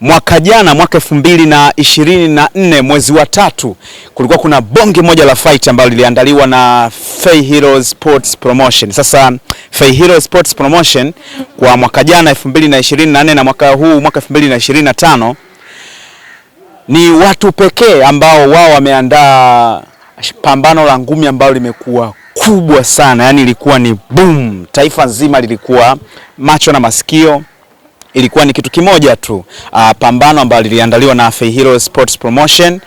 Mwaka jana mwaka elfu mbili na ishirini na nne mwezi wa tatu, kulikuwa kuna bonge moja la fight ambalo liliandaliwa na Fay Heroes Sports Promotion. Sasa Fay Heroes Sports Promotion kwa mwaka jana elfu mbili na ishirini na nne na mwaka huu mwaka elfu mbili na ishirini na tano ni watu pekee ambao wao wameandaa pambano la ngumi ambalo limekuwa kubwa sana, yaani ilikuwa ni boom, taifa nzima lilikuwa macho na masikio ilikuwa ni kitu kimoja tu, uh, pambano ambalo liliandaliwa na Fei Hero Sports Promotion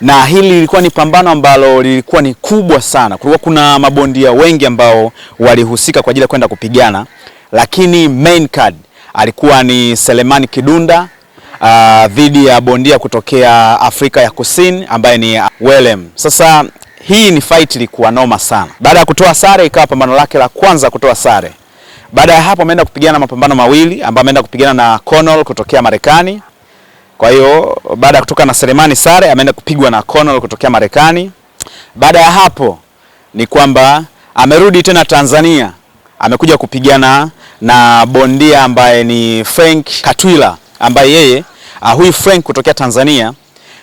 na hili lilikuwa ni pambano ambalo lilikuwa ni kubwa sana. Kulikuwa kuna mabondia wengi ambao walihusika kwa ajili ya kwenda kupigana, lakini main card alikuwa ni Selemani Kidunda ah, dhidi uh, ya bondia kutokea Afrika ya Kusini ambaye ni Welem. Sasa hii ni fight ilikuwa noma sana. Baada ya kutoa sare, ikawa pambano lake la kwanza kutoa sare. Baada ya hapo ameenda kupigana mapambano mawili ambayo ameenda kupigana na Connell kutokea Marekani. Kwa hiyo baada ya kutoka na Selemani sare ameenda kupigwa na Connell kutokea Marekani. Baada ya hapo ni kwamba amerudi tena Tanzania, amekuja kupigana na bondia ambaye ni Frank Katwila ambaye yeye uh, huyu Frank kutokea Tanzania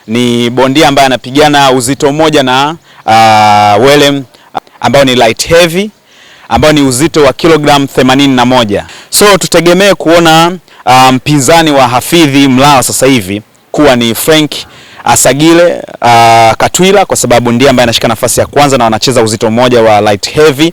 ni bondia ambaye anapigana uzito mmoja na uh, ah, Welem ah, ambayo ni light heavy ambao ni uzito wa kilogramu 81. So tutegemee kuona ah, mpinzani um, wa Hafidhi Mlala sasa hivi kuwa ni Frank Asagile uh, Katwila kwa sababu ndiye ambaye anashika nafasi ya kwanza na wanacheza uzito mmoja wa light heavy.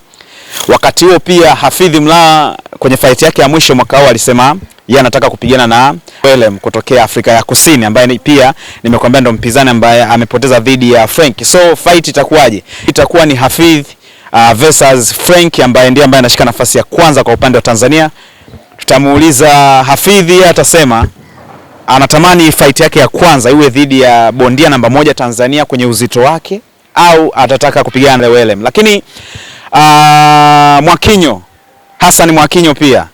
Wakati huo pia Hafidhi Mlala kwenye fight yake ya mwisho mwaka huu alisema yeye anataka kupigana na Welem kutokea Afrika ya Kusini ambaye pia nimekwambia ndo mpinzani ambaye amepoteza dhidi ya Frank. So fight itakuwaje? Itakuwa ni Hafidhi uh, versus Frank ambaye ndiye ambaye anashika nafasi ya kwanza kwa upande wa Tanzania. Tutamuuliza Hafidhi, atasema anatamani fight yake ya kwanza iwe dhidi ya bondia namba moja Tanzania kwenye uzito wake au atataka kupigana na Welem. Lakini uh, Mwakinyo Hassan Mwakinyo pia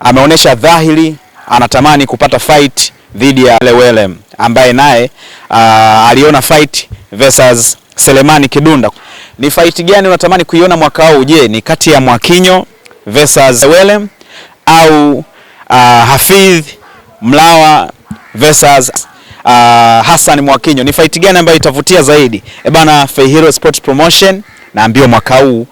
ameonyesha dhahiri anatamani kupata fight dhidi ya Welem ambaye naye uh, aliona fight versus Selemani Kidunda. Ni fight gani unatamani kuiona mwaka huu? Je, ni kati ya Mwakinyo versus Wele au uh, Hafidh Mlawa versus uh, Hassan Mwakinyo? Ni fight gani ambayo itavutia zaidi? E bana, Feihero Sports Promotion naambiwa mwaka huu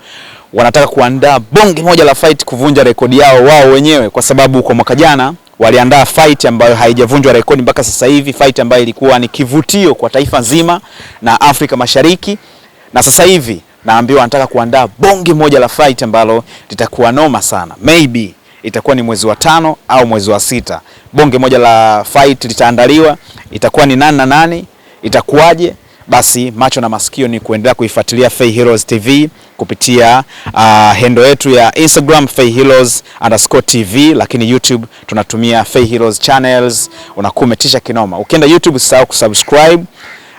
wanataka kuandaa bonge moja la fight kuvunja rekodi yao wao wenyewe, kwa sababu kwa mwaka jana waliandaa fight ambayo haijavunjwa rekodi mpaka sasa hivi, fight ambayo ilikuwa ni kivutio kwa taifa nzima na Afrika Mashariki na sasa hivi naambiwa anataka kuandaa bonge moja la fight ambalo litakuwa noma sana. Maybe itakuwa ni mwezi wa tano au mwezi wa sita. Bonge moja la fight litaandaliwa, itakuwa ni nani na nani, itakuwaje? Basi macho na masikio ni kuendelea kuifuatilia Fay Heroes TV kupitia uh, ah, hendo yetu ya Instagram Fay Heroes underscore TV, lakini YouTube tunatumia Fay Heroes channels. Unakumetisha kinoma. Ukienda YouTube usisahau kusubscribe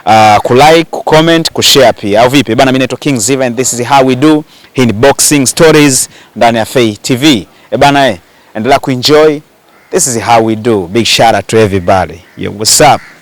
uh, kulike, kucomment, kushare pia au vipi bana? Mimi naitwa King Ziva and this is how we do. Hii ni Boxing Stories ndani ya Fay TV. E eh, bana eh, endelea kuenjoy. This is how we do. Big shout out to everybody. Yo, what's up?